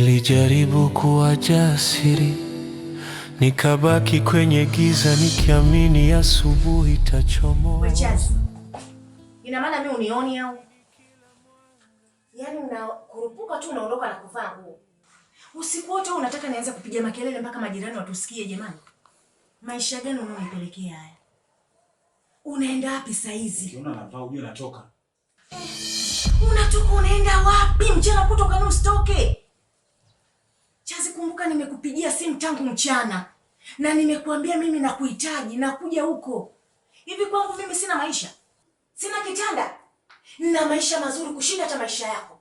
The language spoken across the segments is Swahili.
Nilijaribu kuwa jasiri, nikabaki kwenye giza nikiamini asubuhi itachomoza. Ina maana mimi unioni au? Yaani unakurupuka tu unaondoka na kuvaa nguo. Usiku wote unataka nianze kupiga makelele mpaka majirani watusikie jamani. Maisha gani unaonipelekea haya? Unaenda wapi saa hizi? Unaona navaa ujue natoka. Unatoka unaenda wapi? Mchana kutoka nusu toke. Chazi, kumbuka nimekupigia simu tangu mchana na nimekuambia mimi nakuhitaji, nakuja huko. Hivi kwangu mimi sina maisha, sina kitanda? Nina maisha mazuri kushinda hata maisha yako,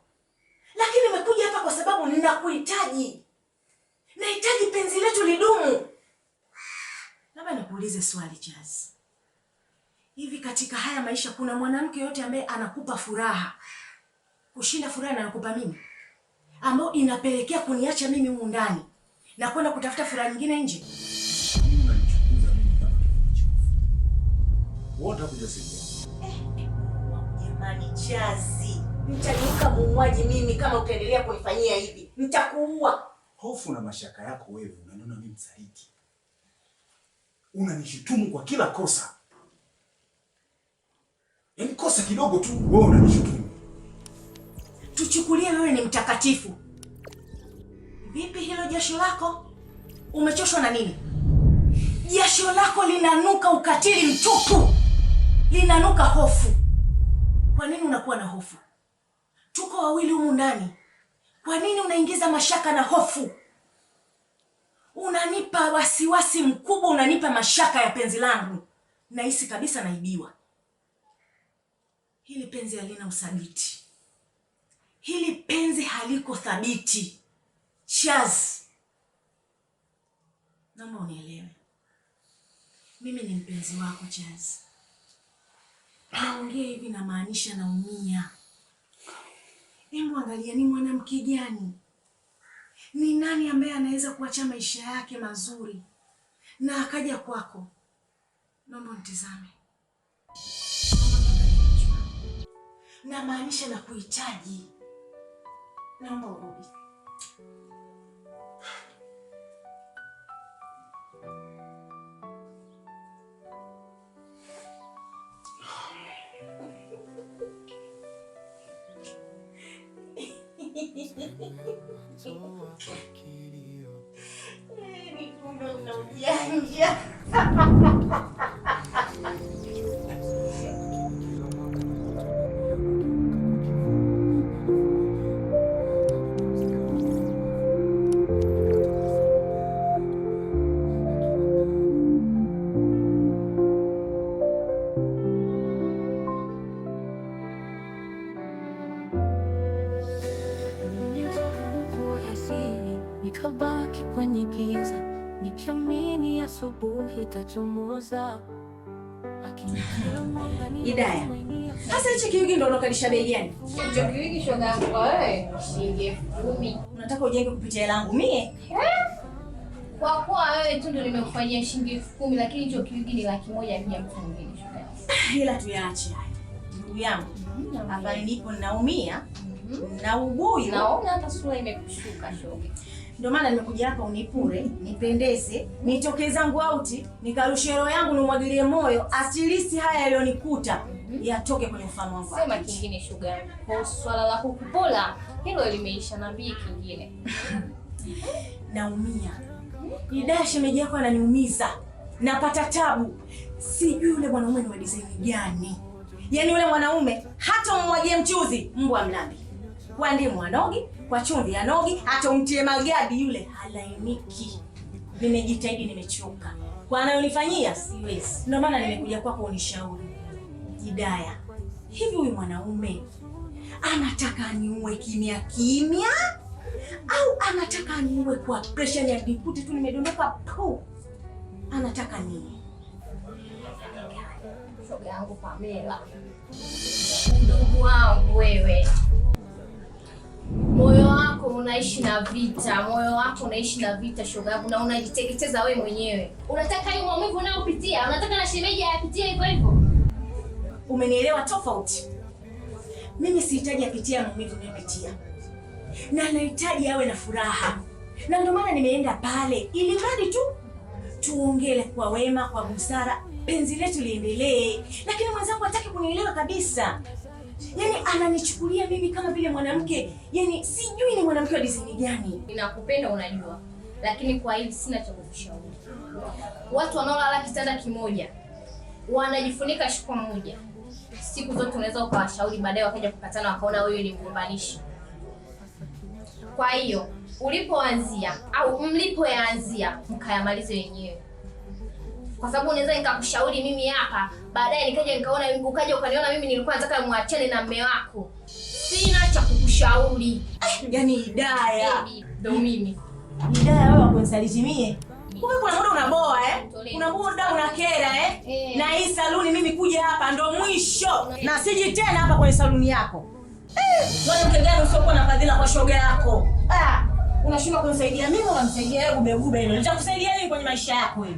lakini nimekuja hapa kwa sababu ninakuhitaji, nahitaji penzi letu lidumu. Labda nikuulize swali Chazi, hivi katika haya maisha kuna mwanamke yote ambaye anakupa furaha kushinda furaha na anakupa mimi? ambayo inapelekea kuniacha mimi humu ndani na kwenda kutafuta furaha nyingine nje. Eh, jamani Chazi, nitageuka muuaji mimi kama utaendelea kunifanyia hivi, nitakuua. Hofu na mashaka yako wewe, unaniona mimi msaliti, unanishutumu kwa kila kosa, yaani kosa kidogo tu wewe unanishutumu tuchukulie wewe ni mtakatifu. Vipi hilo jasho lako? Umechoshwa na nini? Jasho lako linanuka ukatili mtupu, linanuka hofu. Kwa nini unakuwa na hofu? Tuko wawili humu ndani, kwa nini unaingiza mashaka na hofu? Unanipa wasiwasi mkubwa, unanipa mashaka ya penzi langu. Nahisi kabisa naibiwa. Hili penzi halina usabiti haliko thabiti. Shaz, naomba unielewe, mimi ni mpenzi wako Shaz. Naongea hivi namaanisha, naumia. Hebu angalia, ni mwanamke gani, ni nani ambaye anaweza kuacha maisha yake mazuri na akaja kwako? Naomba na namaanisha na kuhitaji No. Yeah, yeah. nikabaki kwenye giza nikiamini asubuhi itachomoza. Idaya, sasa hichi kiwigi ndo unakalisha bei gani? Ndio kiwigi shoga yangu kwa wewe shilingi elfu kumi. Unataka ujenge kupitia hela mie? Eh? Kwa kuwa wewe tu ndo nimekufanyia shilingi elfu kumi lakini hicho kiwigi ni laki moja mia mtu mwingine shoga. Ila ah, tuyaache haya. Ndugu yangu, mhm, hapa nipo ninaumia. Mhm. Naugua. Naona hata sura imekushuka shoga. Ndio maana nimekuja hapa unipure, nipendeze, nitoke zangu out, nikarushe roho yangu nimwagilie moyo, asilisi haya yaliyonikuta mhm. yatoke kwenye mfano wangu. Sema kingine shuga. Kwa swala la kukupola hilo limeisha nabii kingine. Naumia. Ida shemeji yako ananiumiza. Napata tabu. Sijui yule mwanaume ni wa design gani. Yaani yule mwanaume hata umwagie mchuzi, mbwa mlambi. Kwa ndiye mwanogi kwa chumvi ya nogi, hata umtie magadi yule halainiki. Nimejitahidi, nimechoka kwa anayonifanyia, siwezi. Ndio maana nimekuja kwako unishauri. Hidaya, hivi huyu mwanaume anataka niue kimya kimya au anataka niue kwa presha ya nikute tu nimedondoka po? Anataka ni yangu Pamela, ndugu wangu wewe unaishi na vita, moyo wako unaishi na vita, shoga yangu, na unajiteketeza wewe mwenyewe. Unataka hiyo maumivu unayopitia, unataka na shemeji ayapitie hivyo hivyo? Umenielewa tofauti? Mimi sihitaji apitie maumivu unayopitia, na nahitaji awe na furaha, na ndio maana nimeenda pale, ili mradi tu tuongele kwa wema, kwa busara, penzi letu liendelee. Lakini mwenzangu hataki kunielewa kabisa yani ananichukulia mimi kama vile mwanamke, yani sijui ni mwanamke wa dizini gani. Ninakupenda unajua, lakini kwa hili sina cha kukushauri. Watu wanaolala kitanda kimoja wanajifunika shuka moja, siku zote unaweza ukawashauri, baadaye wakaja kukatana, wakaona wewe ni mgombanishi. Kwa hiyo ulipoanzia au mlipoyaanzia mkayamalize wenyewe, kwa sababu unaweza nikakushauri mimi hapa baadaye nikaja nikaona wingu, ukaja ukaniona mimi nilikuwa nataka muachane na mume wako, sina cha kukushauri. Ah, yaani Idaya ndo mimi Idaya, wewe wakunisaliti mie Kumbe kuna muda unaboa eh? Kuna muda unakera eh? eh? Na hii saluni mimi kuja hapa ndo mwisho. Na siji tena hapa kwenye saluni yako. Eh, wewe mkengani usiokuwa na fadhila kwa shoga yako. Ah, unashindwa kunisaidia mimi au unamsaidia wewe gube gube hilo. Nitakusaidia nini kwenye maisha yako hilo?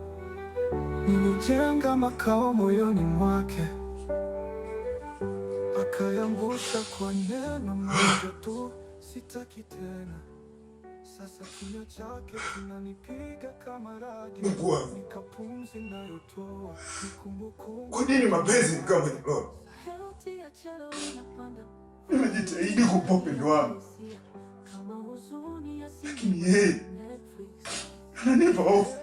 Nilijenga makao moyoni mwake, akayangusha kwa neno moja tu, sitaki tena. Sasa kinywa chake kinanipiga kama radi, ni pumzi nayotoa, ni kumbukumbu. Kwa nini mapenzi ni kama hilo? Nimejitahidi kupa upendo wangu, lakini yeye ananipa hofu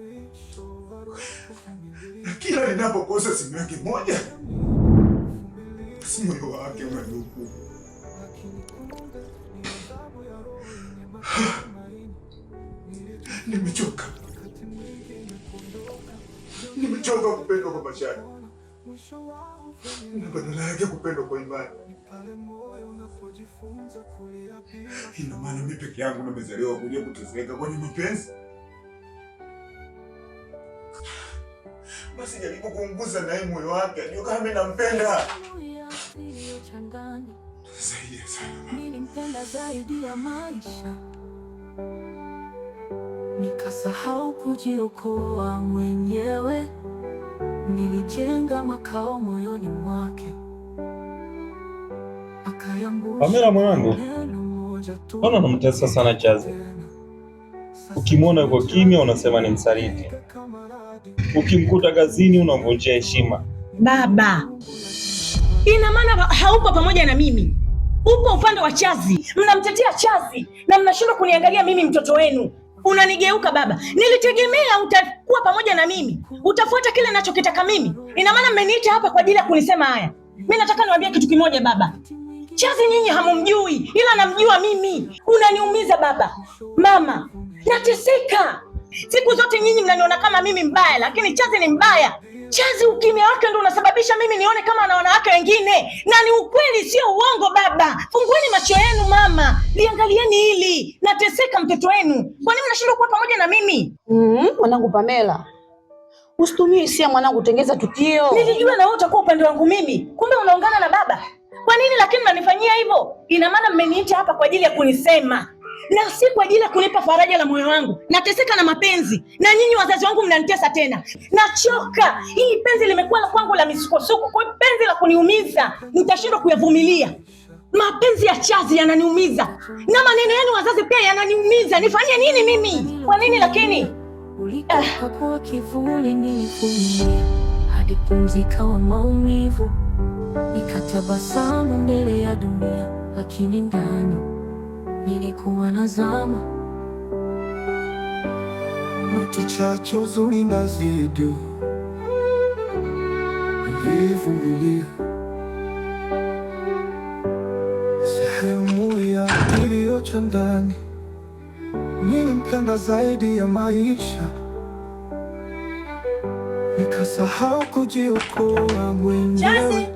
Kila ninapokosa simu yake moja, si moyo wake unaduku. Nimechoka, nimechoka kupendwa kwa mashari na badala yake kupendwa kwa imani. Ina maana mimi peke yangu nimezaliwa kuja kuteseka kwenye mapenzi. Basi jaribu kuunguza naye moyo wake, ajue kama mimi nampenda zaidi ya maisha, nikasahau kujiokoa mwenyewe. Nilijenga makao moyoni mwake, akayangusha. mwanangu, mbona unamtesa sana Chazi? Ukimwona yuko kimya unasema ni msaliti. Ukimkuta kazini unamvunjia heshima. Baba, ina maana haupo pamoja na mimi, upo upande wa Chazi, mnamtetea Chazi na mnashindwa kuniangalia mimi, mtoto wenu. Unanigeuka baba, nilitegemea utakuwa pamoja na mimi, utafuata kile ninachokitaka mimi. Ina maana mmeniita hapa kwa ajili ya kunisema haya. mi nataka niwaambie kitu kimoja baba, Chazi nyinyi hamumjui, ila namjua mimi. Unaniumiza baba, mama, nateseka Siku zote nyinyi mnaniona kama mimi mbaya, lakini Chazi ni mbaya. Chazi ukimya wake ndo unasababisha mimi nione kama na wanawake wengine, na ni ukweli, sio uongo. Baba, fungueni macho yenu, mama, liangalieni hili. Nateseka mtoto wenu, kwa nini mnashindwa kuwa pamoja na mimi? Mm, mwanangu Pamela, usitumie hisia mwanangu, tengeza tukio. Nilijua na wewe utakuwa upande wangu mimi, kumbe unaungana na baba. Kwa nini lakini mnanifanyia hivyo? Ina maana mmeniita hapa kwa ajili ya kunisema na si kwa ajili ya kunipa faraja la moyo wangu. Nateseka na mapenzi, na nyinyi wazazi wangu mnanitesa tena. Nachoka, hili penzi limekuwa kwangu la misukosuko, kwa penzi la kuniumiza, nitashindwa kuyavumilia. Mapenzi ya chazi yananiumiza, na maneno yenu wazazi pia yananiumiza. Nifanye nini mimi? Kwa nini lakini ah. hadi pumzi maumivu, nikatabasamu mbele ya dunia, lakini ndani nilikuwa nazama, nikichache huzuni nazidi, nilivumilia sehemu ya iliyocha ndani, nilimpenda zaidi ya maisha, nikasahau kujiokoa mwenyewe,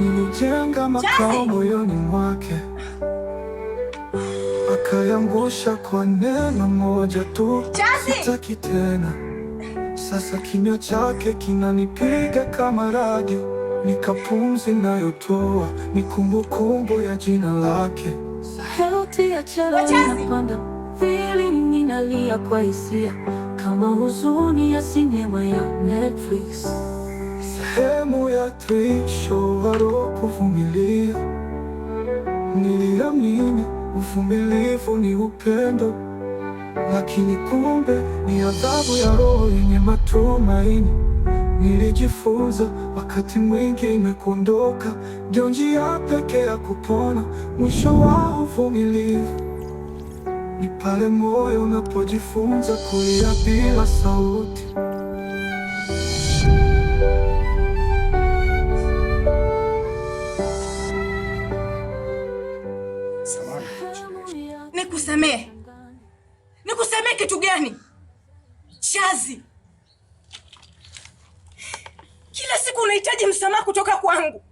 nilijenga makao moyoni mwake Niliyoyangusha kwa neno moja tu, sitaki tena. Sasa kimya chake kinanipiga kama radi, ni pumzi inayotoa, ni kumbukumbu ya jina lake. Sauti ya chela inapanda, feeling inalia kwa hisia, kama huzuni ya sinema ya Netflix. Sehemu ya twisho, harufu, vumilia, niliamini Uvumilivu ni upendo, lakini kumbe ni adhabu ya roho yenye matumaini. Nilijifunza wakati mwingi imekondoka ndio njia pekee ya kupona. Mwisho wa uvumilivu ni pale moyo unapojifunza kulia bila sauti. nikusamehe? Nikusamehe kitu gani? Chazi, kila siku unahitaji msamaha kutoka kwangu.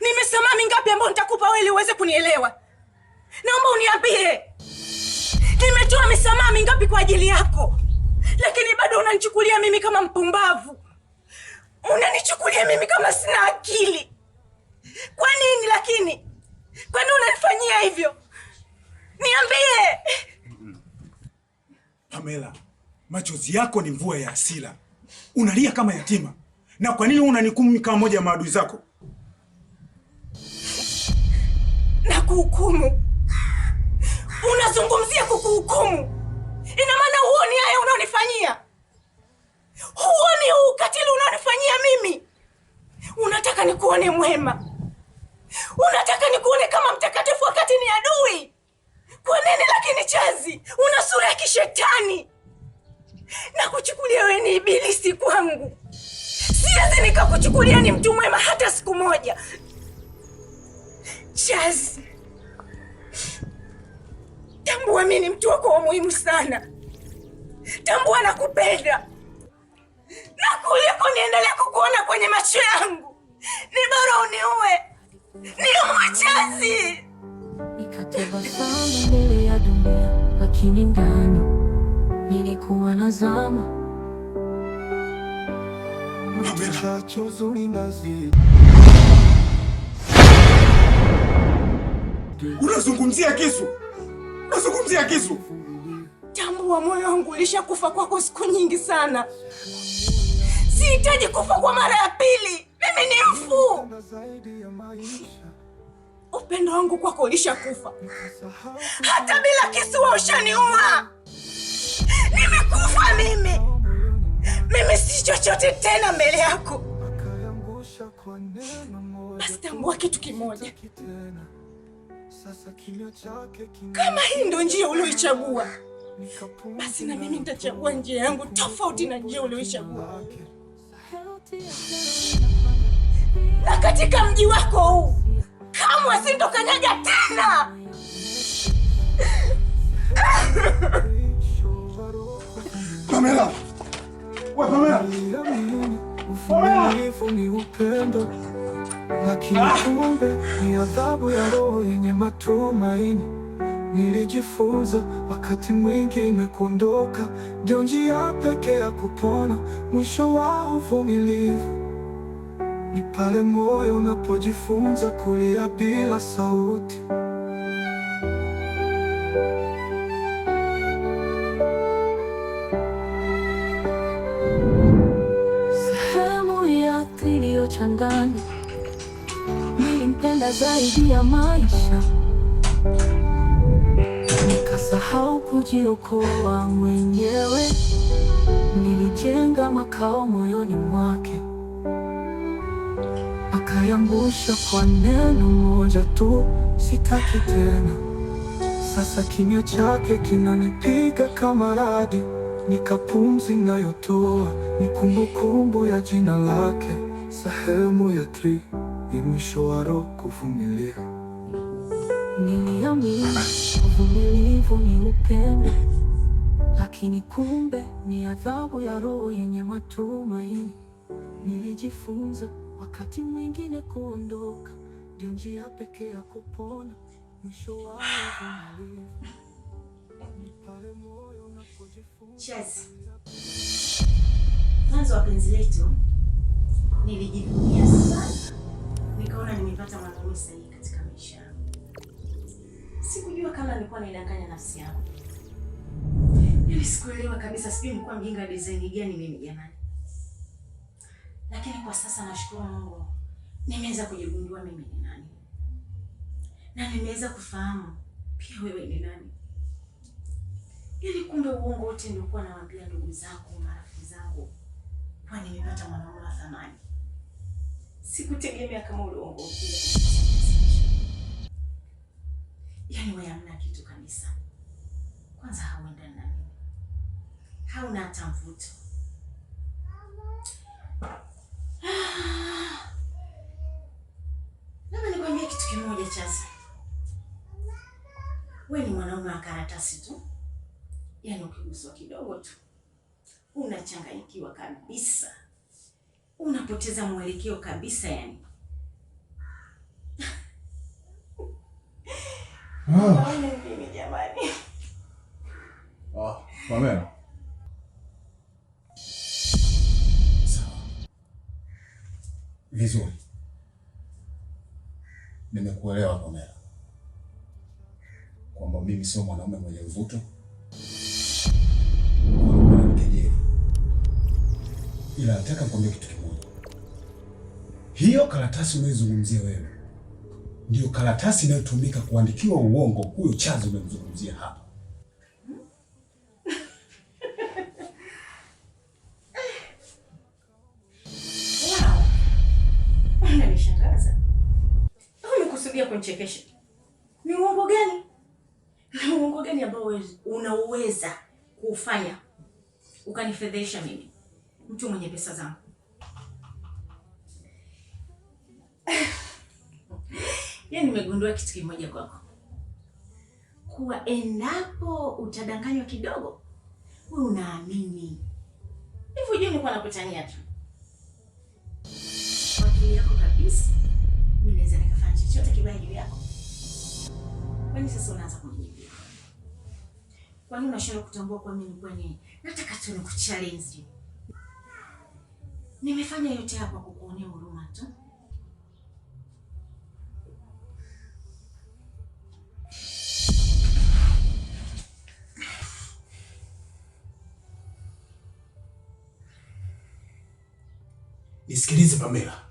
Nimesamaha mingapi ambayo nitakupa wewe ili uweze kunielewa? Naomba uniambie, nimetoa misamaha mingapi kwa ajili yako, lakini bado unanichukulia mimi kama mpumbavu, unanichukulia mimi kama sina akili. Kwa nini? Lakini kwa nini unanifanyia hivyo? Niambie. Pamela, machozi yako ni mvua ya hasira, unalia kama yatima. Na kwa nini unanikumi kama moja ya maadui zako? Na kuhukumu, unazungumzia kukuhukumu, ina maana huoni haya unaonifanyia, huoni huu ukatili unaonifanyia mimi. Unataka nikuone mwema, unataka nikuone kama mtakatifu wakati ni adui. Kwa nini lakini Chazi, una sura ya kishetani na kuchukulia wewe ni ibilisi kwangu. Siwezi nikakuchukulia ni mtu mwema hata siku moja. Chazi, tambua mimi ni mtu wako wa muhimu sana. Tambua nakupenda, na kuliko niendelea kukuona kwenye macho yangu, ni bora uniue, niue Chazi tabasamu mbele ya dunia, lakini ndani nilikuwa nazama unazungumzia kisu, unazungumzia kisu. Tambua moyo wangu ulishakufa kwako siku nyingi sana. Sihitaji kufa kwa mara ya pili, mimi ni mfu Upendo wangu kwako ulishakufa, hata bila kisiwa ushaniua. Nimekufa mimi, mimi si chochote tena mbele yako. Basi tambua kitu kimoja, kama hii ndo njia ulioichagua, basi na mimi nitachagua njia yangu tofauti na njia ulioichagua. Na katika mji wako huu kamwe sintokanyaga tena. Pamela, we Pamela, uvumilivu ni upendo, lakini ah! kumbe ni adhabu ya roho yenye matumaini. Nilijifunza wakati mwingi imekuondoka, ndio njia pekee ya kupona, mwisho wa uvumilivu pale moyo unapojifunza kulia bila sauti. Sehemu ya iliyochanganya nilimpenda zaidi ya maisha, nikasahau kujiokoa mwenyewe. Nilijenga makao moyoni mwake. Ukaniangusha kwa neno moja tu, sitaki tena. Sasa kimya chake kinanipiga kama radi, nikapumzi nayotoa ni kumbukumbu ya jina lake. Sehemu ya tri ni mwisho wa roho kuvumilia. Niliamini uvumilivu ni upendo, lakini kumbe ni adhabu ya roho yenye matumaini. Nilijifunza wakati mwingine kuondoka ndio njia pekee ya kupona. Mwisho wa Mwanzo wapenzi letu nilijivunia sana, nikaona nimepata mwanaume sahihi katika maisha yangu. Sikujua kama nilikuwa naidanganya nafsi yangu, ili yaani sikuelewa kabisa. Sijui nilikuwa mjinga design gani mimi jamani. Lakini kwa sasa nashukuru Mungu, nimeweza kujigundua mimi ni nani na nimeweza kufahamu pia wewe ni nani. Ili yaani kumbe uongo wote nilikuwa nawaambia ndugu zangu, marafiki zangu, kwa nimepata mwanaume wa thamani. Sikutegemea kama uongo. Yaani wewe hamna kitu kabisa. Kwanza hauendani na mimi, hauna hata mvuto. Labda nikwambie kitu kimoja chasa we ni mwanaume wa karatasi tu, yaani ukiguswa kidogo tu unachanganyikiwa kabisa, unapoteza mwelekeo kabisa, yani ah. sio mwanaume mwenye mvuto mkejeli, ila nataka nikwambie kitu kimoja. Hiyo karatasi unayozungumzia wewe ndio karatasi inayotumika kuandikiwa uongo huyo Chazi umemzungumzia hapa. kunichekesha. unaweza kufanya ukanifedhesha mimi mtu mwenye pesa zangu. Yaani, nimegundua kitu kimoja kwako, kuwa endapo utadanganywa kidogo, wewe unaamini hivyo. Jua nilikuwa nakutania tu wakili yako kabisa. Mimi naweza nikafanya chochote kibaya juu yako, kwani sasa unaanza kwa nini unashindwa kutambua kwa mimi kwa nini? Nataka tu nikuchallenge. Nimefanya yote hapa kukuonea huruma tu. Nisikilize Pamela,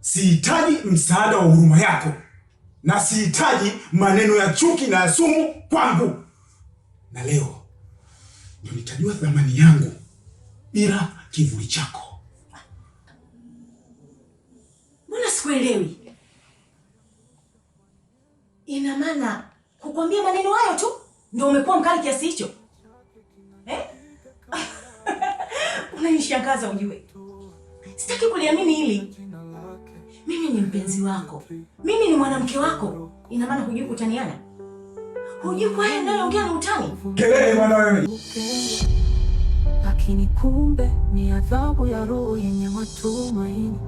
sihitaji msaada wa huruma yako na sihitaji maneno ya chuki na ya sumu kwangu na leo ndio nitajua thamani yangu bila kivuli chako. Mbona sikuelewi? Ina maana kukwambia maneno hayo tu ndio umekuwa mkali kiasi hicho eh? Unanishangaza ujue, sitaki kuliamini hili. Mimi ni mpenzi wako, mimi ni mwanamke wako. Ina maana hujui kutaniana Hujui kwa yeye anayeongea na utani. Kelele bwana wewe. Lakini kumbe ni adhabu ya roho yenye matumaini.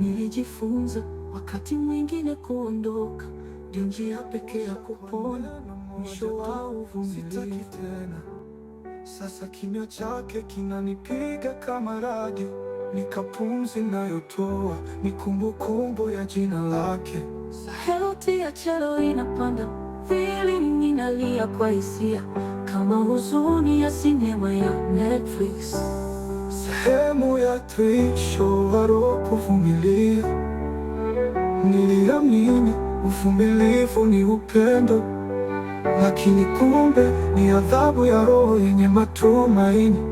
Nilijifunza wakati mwingine kuondoka ndio njia pekee ya kupona. Mwisho wa uvumilivu. Sasa kimya chake kinanipiga kama radi, nikapumzi nayotoa ni kumbukumbu ya jina lake. Sauti ya chelo inapanda Feeling ninalia kwa hisia kama huzuni ya sinema ya Netflix. Sehemu ya twisho waro kuvumilia, niliamini uvumilivu ni upendo, lakini kumbe ni adhabu ya roho yenye matumaini.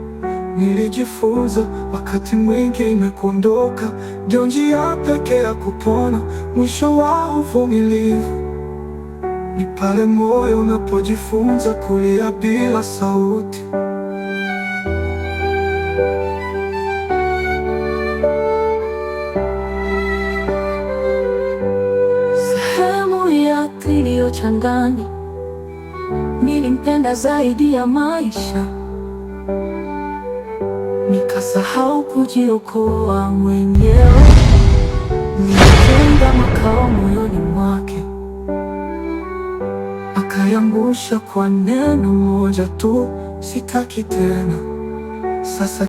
Nilijifunza wakati mwingi imekondoka ndio njia pekee ya kupona, mwisho wa uvumilivu ni pale moyo unapojifunza kulia bila sauti. Sehemu ya iliyochangani nilimpenda zaidi ya maisha, nikasahau kujiokoa mwenyewe, nikajenga makao moyoni Ukaniangusha kwa neno moja tu, sitaki tena sasa.